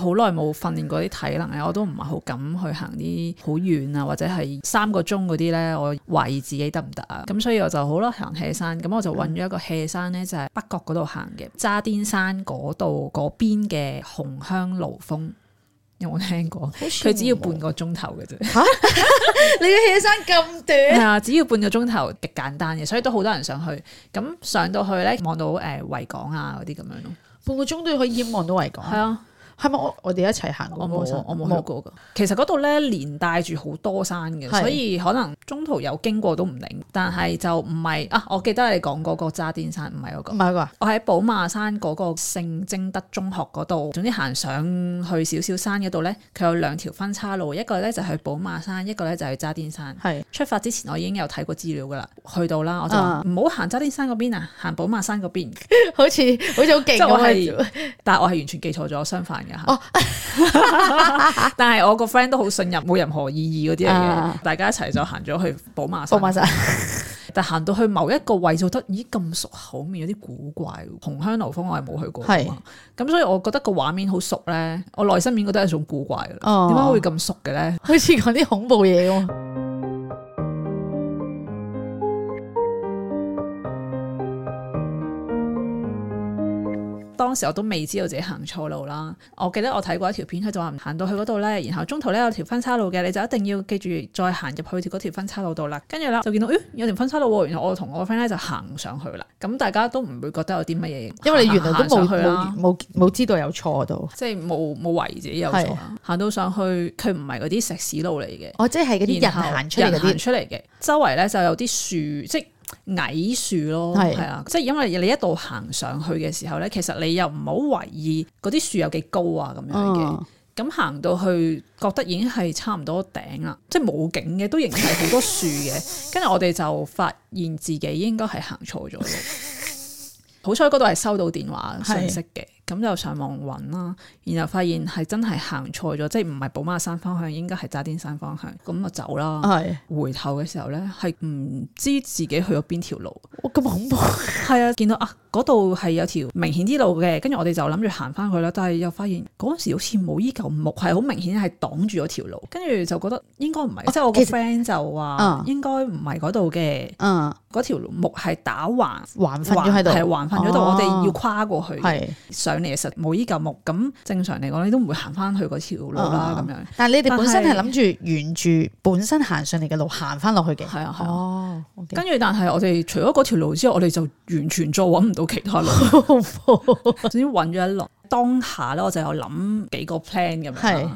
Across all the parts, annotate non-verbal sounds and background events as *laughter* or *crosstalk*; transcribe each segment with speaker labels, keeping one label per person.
Speaker 1: 好耐冇訓練過啲體能嘅，我都唔係好敢去行啲好遠啊，或者係三個鐘嗰啲咧，我懷疑自己得唔得啊？咁所以我就好咯，行 hea 山。咁我就搵咗一個 hea 山咧，就係、是、北角嗰度行嘅，渣甸山嗰度嗰邊嘅紅香爐峰，有冇聽過？佢只要半個鐘頭嘅啫。啊、 *laughs* *laughs* 你嘅 hea 山咁短？啊， *laughs* 只要半個鐘頭，極簡單嘅，所以都好多人上去。咁上到去咧，望到誒維港啊嗰啲咁樣咯，半個鐘都要可以淹望到維港。係啊。係咪我我哋一齊行過？我冇，我冇，那個、去過噶，那個。有其實嗰度咧連帶住好多山嘅。是所以可能中途有經過都唔定。但係就唔係啊。我記得你講過個渣甸山，唔係嗰個，唔係，那個、我喺寶馬山嗰個聖貞德中學嗰度，總之行上去少少山嗰度咧，佢有兩條分叉路，一個咧就去寶馬山，一個咧就去渣甸山。係是出發之前我已經有睇過資料噶啦，去到啦，我就話，唔好行渣甸山嗰邊啊，行寶馬山嗰邊。 *laughs* 好似好似好勁嘅，但係我係完全記錯咗，相反。哦， *laughs* 但係我個 friend 都好信任，冇任何意義嗰啲嘢，啊、大家一齊就行咗去寶馬山。寶馬山 *laughs* 但行到去某一個位就，覺得咦咁熟口面，有啲古怪。紅香爐峰我係冇去過啊咁是所以我覺得個畫面好熟咧，我內心面覺得係種古怪噶啦。點解、哦、會咁熟嘅咧？好似講啲恐怖嘢喎。 *laughs* 當時我都未知道自己行錯路啦，我記得我睇過一條片，佢就話行到去嗰度咧，然後中途咧有條分叉路嘅，你就一定要記住再行入去條嗰條分叉路度啦。跟住啦，就見到誒有條分叉路，然後我同我個 friend 咧就行上去啦。咁大家都唔會覺得有啲乜嘢，因為你原來都冇去啦，冇
Speaker 2: 冇知道有錯到，
Speaker 1: 即係冇冇懷疑自己有錯，行是到上去佢唔係嗰啲石屎路嚟嘅，哦，即係嗰啲人行後出嚟嗰啲出嚟嘅，周圍咧就有啲樹即。矮樹咯，係啊的，即係因為你一度行上去嘅時候咧，其實你又唔好懷疑嗰啲樹有幾高啊咁、嗯、樣嘅，咁行到去覺得已經係差唔多頂啦，即係冇景嘅，都仍然係好多樹嘅，跟住 *laughs* 我哋就發現自己應該係行錯咗， *laughs* 好彩嗰度係收到電話訊息嘅。咁就上網揾啦，然後發現係真係行錯咗，嗯、即係唔係寶馬山方向，應該係渣甸山方向，咁就走啦。係是回頭嘅時候呢，係唔知自己去咗邊條路，哇咁恐怖。係 *laughs* 啊，見到啊。嗰度係有條明顯啲路嘅，跟住我哋就諗住行翻去啦。但係又發現嗰陣時好似冇依嚿木，係好明顯係擋住咗條路。跟住就覺得應該唔係，即係我個 friend 就話應該唔係嗰度嘅。嗯，嗰條木係打橫橫分咗喺度，係橫分咗度。我哋要跨過去上嚟嘅時候冇依嚿木，咁正常嚟講你都唔會行翻去嗰條路啦。咁樣。但係你哋本身係諗住沿住本身行上嚟嘅路行翻落去嘅。係啊，哦。跟住但係我哋除咗嗰條路之後，我哋就完全做唔到到其他路，總之揾咗一輪當下咧，我就有諗幾個 plan 咁樣。是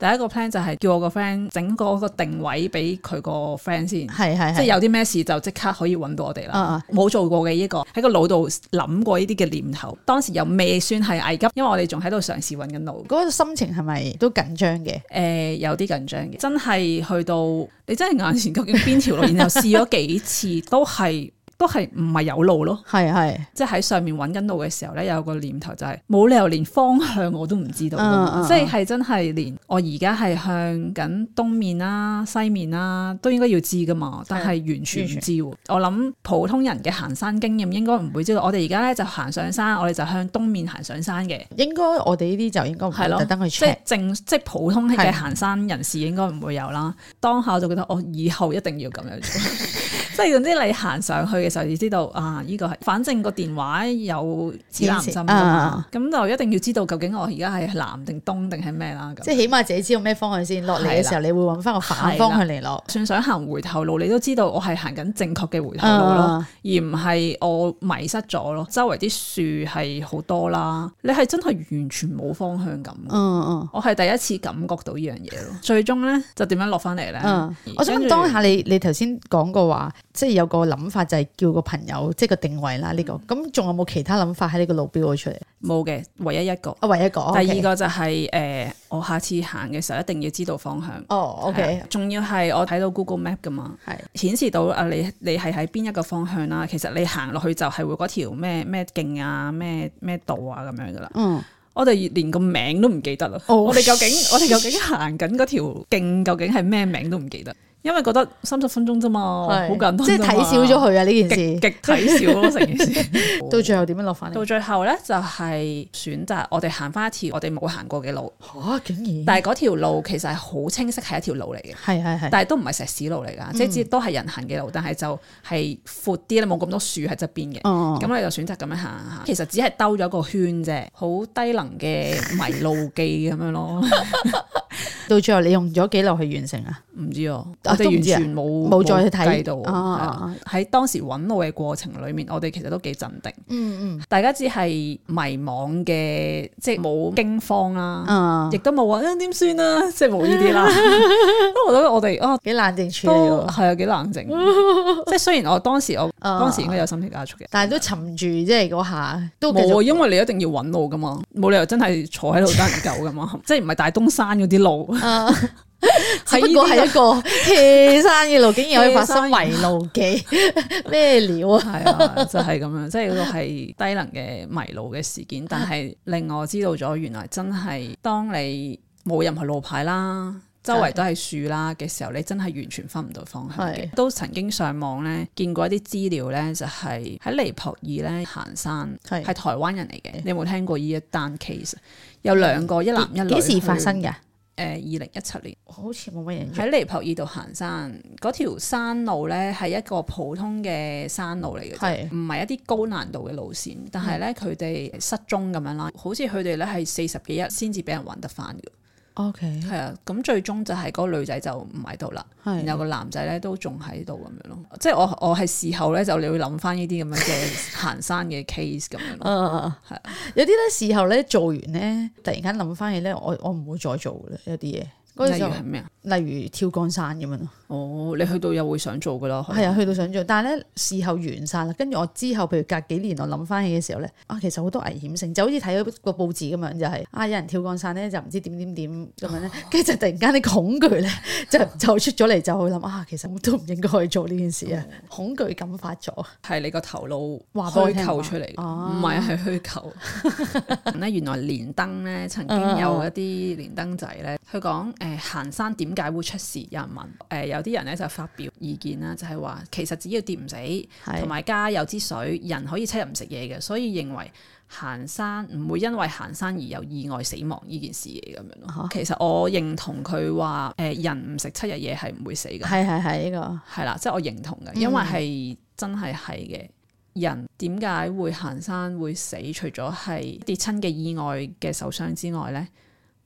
Speaker 1: 第一個 plan 就係叫我個 friend 整嗰個定位俾佢個 friend 先，係係，即係有啲咩事就即刻可以揾到我哋啦。冇、啊啊、做過嘅呢、這個喺個腦度諗過呢啲嘅念頭，當時又未算係危急，因為我哋仲喺度嘗試揾緊路，嗰個心情係咪都緊張嘅？誒、呃，有啲緊張嘅，真係去到你真係眼前究竟邊條路， *laughs* 然後試咗幾次都係。都係唔係有路咯，係係是，即係喺上面揾緊路嘅時候咧，有個念頭就係、是、冇理由連方向我都唔知道，嗯嗯、即係真係連我而家係向緊東面啦、啊、西面啦、啊，都應該要知噶嘛，是但係完全唔知。全我諗普通人嘅行山經驗應該唔會知道，嗯、我哋而家咧就行上山，我哋就向東面行上山嘅，應該我哋呢啲就應該唔係特登去 check，即係淨即係普通嘅行山人士應該唔會有啦。的當下我就覺得我、哦、以後一定要咁樣做。 *laughs* *laughs* 即係總之，你行上去嘅時候，你知道啊，呢個係反正個電話有指南針噶嘛，咁就一定要知道究竟我而家係南定東定係咩啦。即係起碼自己知道咩方向先落嚟嘅時候，你會揾翻個反方向嚟落。算想行回頭路，你都知道我係行緊正確嘅回頭路咯，而唔係我迷失咗咯。周圍啲樹係好多啦，你係真係完全冇方向感。嗯嗯，我係第一次感覺到呢樣嘢咯。最終咧就點樣落翻嚟咧？我想問當
Speaker 2: 下你，你頭先講過話。即係有個諗法就係叫個朋友，即係個定位啦。呢個咁仲有冇其他諗法喺呢個路標度出嚟？冇嘅，唯一一
Speaker 1: 個啊，唯一一個。第二個 okay 就係、是、誒、呃，我下次行嘅時候一定要知道方向。哦、oh,，OK。仲、嗯、要係我睇到 Google Map 噶嘛，係顯示到啊 Okay. 你你係喺邊一個方向啦。其實你行落去就係會嗰條咩咩徑啊，咩咩道啊咁樣噶啦。嗯，我哋連個名都唔記得咯、oh.。我哋究竟我哋究竟行緊嗰條徑究竟係咩名都唔記得。因為覺得三十分鐘啫嘛，好近的，即係睇少咗佢啊！呢件事極極睇少咯，成件事 *laughs* 好到最後點樣落翻？到最後咧就係、是、選擇我哋行翻一次我哋冇行過嘅路、哦、竟然！但係嗰條路其實係好清晰條，係一條路嚟嘅，但係都唔係石屎路嚟噶，嗯、即係都係人行嘅路，但係就係闊啲啦，冇咁多樹喺側邊嘅。哦、哦，咁我就選擇咁樣行吓。其實只係兜咗個圈啫，好低能嘅迷路記咁樣咯。 *laughs* *laughs*
Speaker 2: 到最後你用咗幾耐去完成啊？唔
Speaker 1: 知，我哋完全冇冇再去睇到。喺當時揾路嘅過程裡面，我哋其實都幾鎮定。大家只係迷惘嘅，即係冇驚慌啦，亦都冇話誒點算啦，即係冇呢啲啦。因為我覺得我哋啊幾冷靜處理，係啊幾冷靜。即係雖然我當時我當時應該有心跳加速嘅，但係都沉住即係嗰下。都冇，因為你一定要揾路噶嘛，冇理由真係坐喺度等人救噶嘛，即係唔係大東山嗰啲路。啊， *laughs* 只不過係一個
Speaker 2: 爬山嘅路，竟然可以發生迷路
Speaker 1: 嘅咩料啊？係 *laughs* 啊，就係咁樣，即係嗰個係低能嘅迷路嘅事件，但係令我知道咗，原來真係當你冇任何路牌啦，周圍都係樹啦嘅時候，你真係完全分唔到方向嘅。是都曾經上網咧，見過一啲資料咧，就係喺尼泊爾咧行山，係係是台灣人嚟嘅，你有冇聽過呢一單 case？有兩個一男一女，幾時發生嘅？誒，二零一七年，好似冇乜人喺尼泊爾度行山，嗰條山路咧係一個普通嘅山路嚟嘅，唔係的一啲高難度嘅路線。但係咧，佢哋、嗯、失蹤咁樣啦，好似佢哋咧係四十幾日先至俾人揾得返嘅。O K，係啊，咁 Okay. 最終就係嗰女仔就唔喺度啦，的然後個男仔咧都仲喺度咁樣咯。即係我我係事後咧就你會諗翻呢啲咁樣嘅行山嘅 case 咁樣 *laughs* 的。嗯嗯，係。有啲咧事後咧做
Speaker 2: 完咧，突然間諗翻起咧，我我唔會再做嘅啦，有啲嘢。例如係咩啊？例如跳降傘咁樣咯。哦，你去到又會想做噶咯？係啊，去到想做，但係咧事後完晒。啦跟住我之後，譬如隔幾年我諗翻起嘅時候咧，啊，其實好多危險性，就好似睇到個報紙咁樣，就係啊，有人跳降傘咧，就唔知點點點咁樣咧。跟住就突然間啲恐懼咧，就就出咗嚟，就去諗啊，其實我都唔應該去做呢件事啊！
Speaker 1: 恐懼感發咗，係你個頭腦虛構出嚟，哦，唔係係虛構。原來連登咧曾經有一啲連登仔咧，佢講。誒行、呃、山點解會出事？有人問誒、呃，有啲人咧就發表意見啦，就係、是、話其實只要跌唔死，同埋是加有支水，人可以七日唔食嘢嘅，所以認為行山唔會因為行山而有意外死亡呢件事咁樣咯。啊、其實我認同佢話誒，人唔食七日嘢係唔會死嘅，係係係呢個係啦，即係、就是、我認同嘅，因為係真係係嘅。人點解會行山會死？除咗係跌親嘅意外嘅受傷之外咧，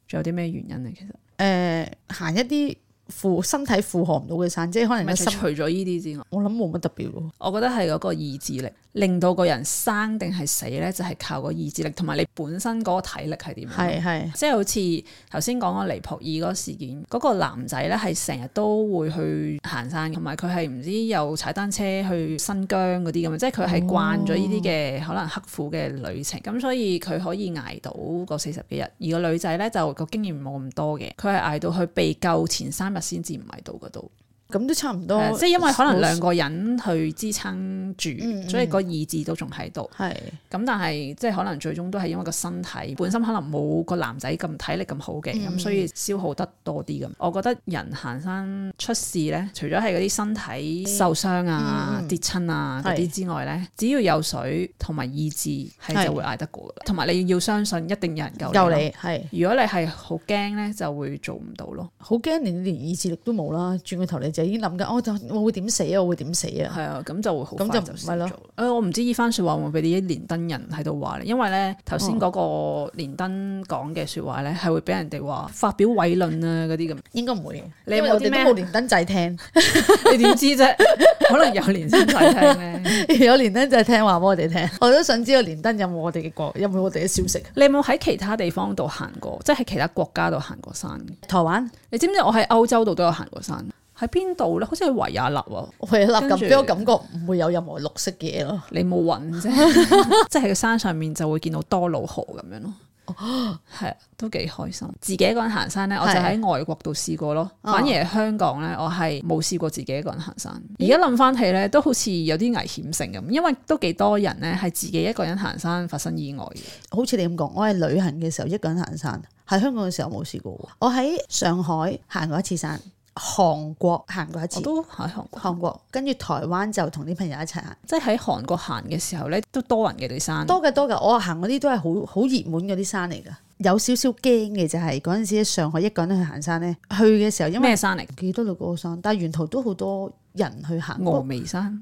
Speaker 1: 仲有啲咩原因呢？其實？誒行一啲。Uh, 負
Speaker 2: 身體負荷唔到嘅山，即係可能除咗
Speaker 1: 呢啲之外，
Speaker 2: 我諗冇乜特別咯。
Speaker 1: 我覺得係嗰個意志力令到個人生定係死咧，就係、是、靠個意志力，同埋你本身嗰個體力係點。係係是，即係好似頭先講個尼泊爾嗰個事件，嗰、那個男仔咧係成日都會去行山，同埋佢係唔知又踩單車去新疆嗰啲咁，即係佢係慣咗呢啲嘅可能刻苦嘅旅程，咁、哦、所以佢可以捱到嗰四十幾日。而個女仔咧就個經驗冇咁多嘅，佢係捱到去被救前三。今日先至唔喺到嗰度。咁都差唔多，即係因為可能兩個人去支撐住，所以個意志都仲喺度。係，咁但係即係可能最終都係因為個身體本身可能冇個男仔咁體力咁好嘅，咁所以消耗得多啲咁。我覺得人行山出事咧，除咗係嗰啲身體受傷啊、跌親啊嗰啲之外咧，只要有水同埋意志係就會捱得過，同埋你要相信一定有人救你。係，如果你係好驚咧，就會做唔到咯。好驚你連意志力都冇啦，轉過頭你就。你諗緊，我就我會點死啊？我會點死啊？係啊，咁就會好快就死咗。誒、嗯，我唔知呢番說話會唔會俾啲連登人喺度話咧？因為咧頭先嗰個連登講嘅說話咧，係、嗯、會俾人哋話發表偉論啊嗰啲咁。應該唔會。你有啲咩
Speaker 2: 連登仔聽？仔
Speaker 1: 聽 *laughs* 你點知啫？ *laughs* 可能有連登仔聽咧，有 *laughs* 連登仔聽話畀我哋聽。我都想知道連登有冇我哋嘅國，有冇我哋嘅消息？你有冇喺其他地方度行過？即係喺其他國家度行過山？台灣灣？你知唔知我喺歐洲度都有行過山？喺邊度咧？好似喺維也納啊，維也納咁俾我感覺唔會有任何綠色嘅嘢咯。你冇搵啫， *laughs* 即係山上面就會見到多瑙河咁樣咯、哦。哦，係都幾開心。自己一個人行山咧，我就喺外國度試過咯。反而喺香港咧，我係冇試過自己一個人行山。而家諗翻起咧，都好似有啲危險性咁，因為都幾多人咧係自己一個人行山發生意外嘅。
Speaker 2: 好似你咁講，我係旅行嘅時候一個人行山，喺香港嘅時候冇試過。我喺上海行過一次山。韓國行過一次，都喺韓國。韓國跟住台灣就同啲朋友一齊行，即係喺韓
Speaker 1: 國行嘅時候呢，都多人嘅啲山，
Speaker 2: 多嘅多嘅。我行嗰啲都係好好熱門嗰啲山嚟噶，有少少驚嘅就係嗰陣時喺上海一個人去行山呢，去嘅時候因為咩山嚟？幾多度高山，但係沿途都好多人去行。峨眉山。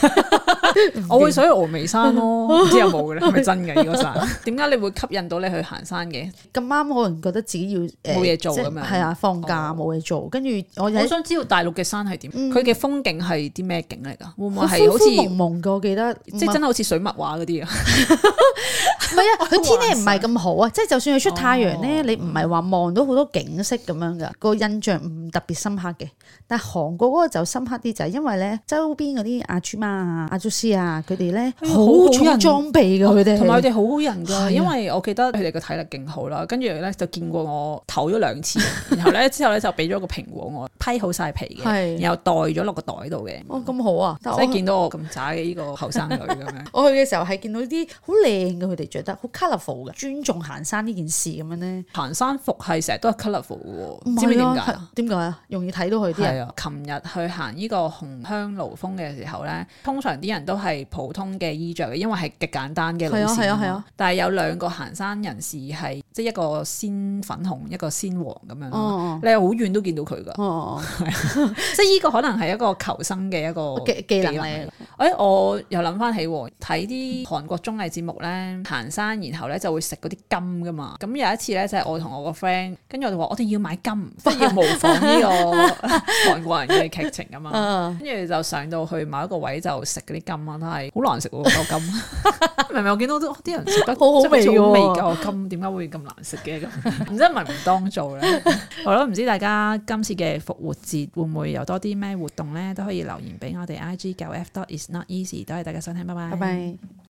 Speaker 2: 都 *laughs* 我會想去峨眉山咯，唔知有冇嘅咧，係咪真嘅呢個山。
Speaker 1: 點解你會吸引到你去行山嘅？
Speaker 2: 咁啱，我唔覺得自己要冇嘢做咁樣。係啊，放假冇嘢做，跟住我好想
Speaker 1: 知道大陸嘅山係點。佢嘅風景係啲咩景嚟噶？會唔會係好似蒙
Speaker 2: 蒙嘅？我記得
Speaker 1: 即係真係好似水墨畫嗰啲啊。唔係
Speaker 2: 啊，佢天氣唔係咁好啊。即係就算佢出太陽咧，你唔係話望到好多景色咁樣噶。個印象唔特別深刻嘅。但係韓國嗰個就深刻啲，就係因為咧周邊嗰啲阿朱媽啊、阿知啊！佢哋咧好好人裝備嘅佢哋，同埋佢哋好好
Speaker 1: 人嘅。因為我記得佢哋嘅體力勁好啦，跟住咧就見過我唞咗兩次， *laughs* 然後咧之後咧就俾咗個蘋果我批好晒皮嘅，啊、然後袋咗落個袋度嘅。
Speaker 2: 咁、哦、好啊！即係見到
Speaker 1: 我咁渣嘅呢個後生女咁
Speaker 2: 樣。 *laughs* 我去嘅時候係見到啲好靚嘅佢哋着得好 colourful 嘅，尊重行山呢件
Speaker 1: 事咁樣咧。行山服係成日都係 colourful 喎，啊、知唔知點解？點解啊？
Speaker 2: 容易睇到佢啲。係啊！
Speaker 1: 琴日去行呢個紅香爐峯嘅時候咧，通常啲人都～都係普通嘅衣着，因為係極簡單嘅路線。係啊係啊係啊、但係有兩個行山人士係，即係一個鮮粉紅，一個鮮黃咁樣。嗯嗯，你好遠都見到佢噶。嗯嗯 *laughs* 即係呢個可能係一個求生嘅一個技能誒、哎，我又諗翻起睇啲韓國綜藝節目咧，行山然後咧就會食嗰啲金噶嘛。咁有一次咧就係、是、我同我個 friend，跟住我哋話我哋要買金，即要模仿呢個韓國人嘅劇情啊嘛。跟住、 *laughs* 嗯、就上到去某一個位就食嗰啲金。咁啊，係好難食喎！狗金，明明我見到啲、哦、人食得 *laughs* 好好 *laughs* 味喎，狗、哦、金點解會咁難食嘅咁？唔知係咪唔當做咧？ *laughs* 好啦，唔知大家今次嘅復活節會唔會有多啲咩活動咧？都可以留言俾我哋 I G 9F dot is not easy。多謝大家收聽，拜拜，拜拜。